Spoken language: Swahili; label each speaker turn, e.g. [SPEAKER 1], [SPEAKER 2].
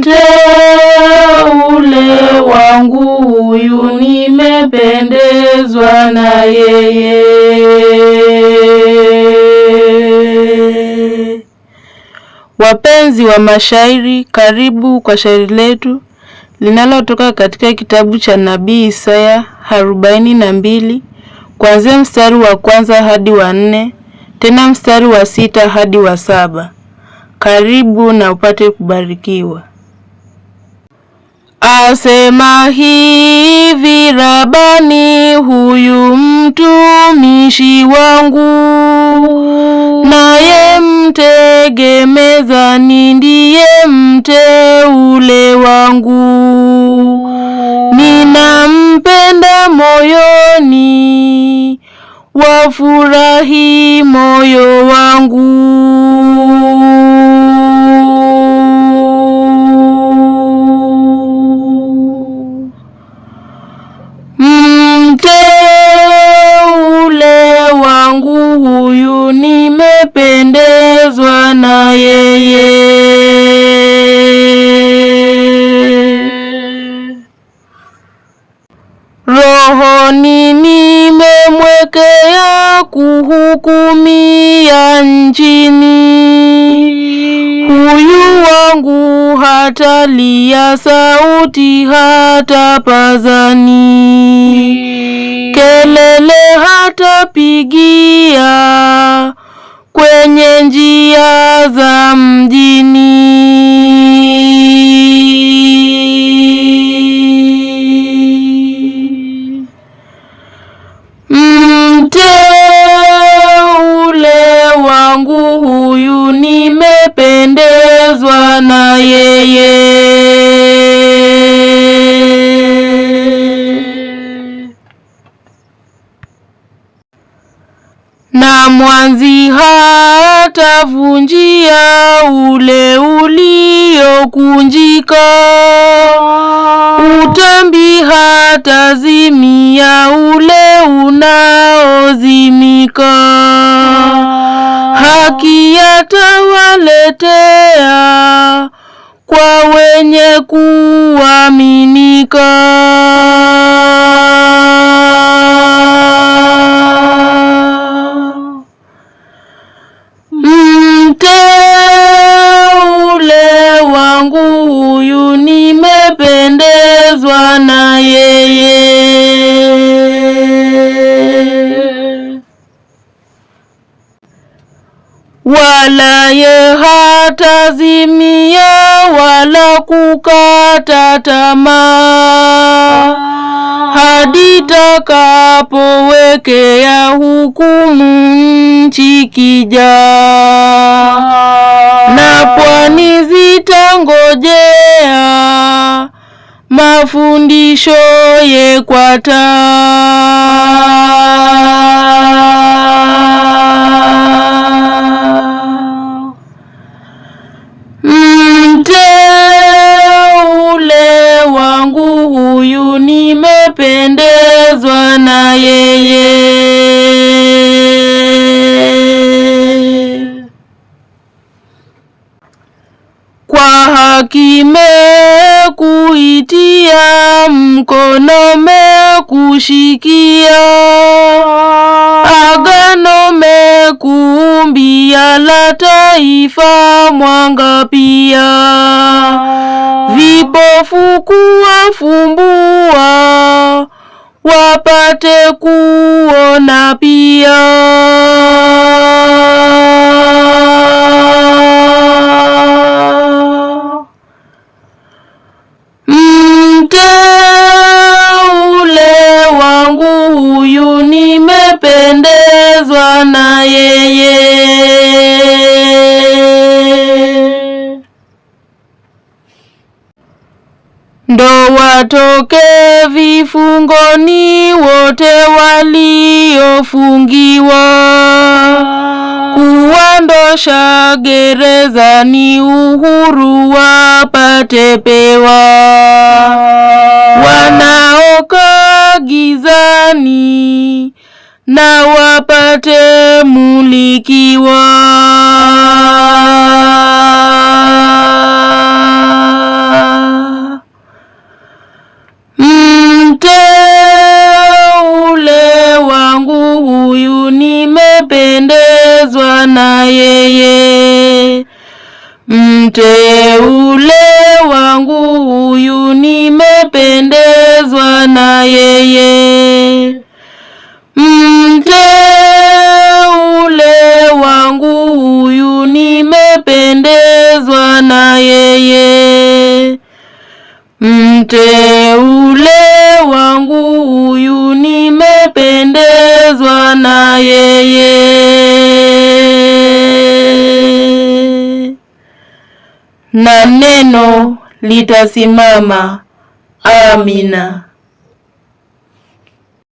[SPEAKER 1] mteule wangu huyu, nimependezwa na yeye. Wapenzi wa mashairi, karibu kwa shairi letu linalotoka katika kitabu cha Nabii Isaya arobaini na mbili kuanzia mstari wa kwanza hadi wa nne tena mstari wa sita hadi wa saba. Karibu na upate kubarikiwa. Asema hivi Rabani, huyu mtumishi wangu, naye ni ndiye mteule wangu, ninampenda moyoni, wafurahi Mkononi nimemwekea kuhukumia nchini, huyu wangu hatalia, sauti hata pazani kelele hatapigia kwenye njia za mjini. mwanzi hatavunjia ule uliokunjika, ah. utambi hatazimia ule unaozimika, ah. haki yatawaletea kwa wenye kuaminika. wala yehatazimia wala kukata tamaa ah. hadi takapowekea hukumu nchi kijaa, ah. na pwani zitangojea mafundisho ye kwa taa ah. kimekuitia, mkono mekushikia, agano mekuumbia, la taifa mwanga pia, vipofu kuwafumbua, wapate kuona pia. Mteule wangu huyu nimependezwa na yeye, ndo watoke vifungoni wote waliofungiwa ondosha gerezani, uhuru wapate pewa. Wanaokaa gizani, na wapate mulikiwa. Mteule wangu huyu nimependezwa na yeye. Mteule wangu huyu nimependezwa na yeye. Mteule na neno litasimama. Amina.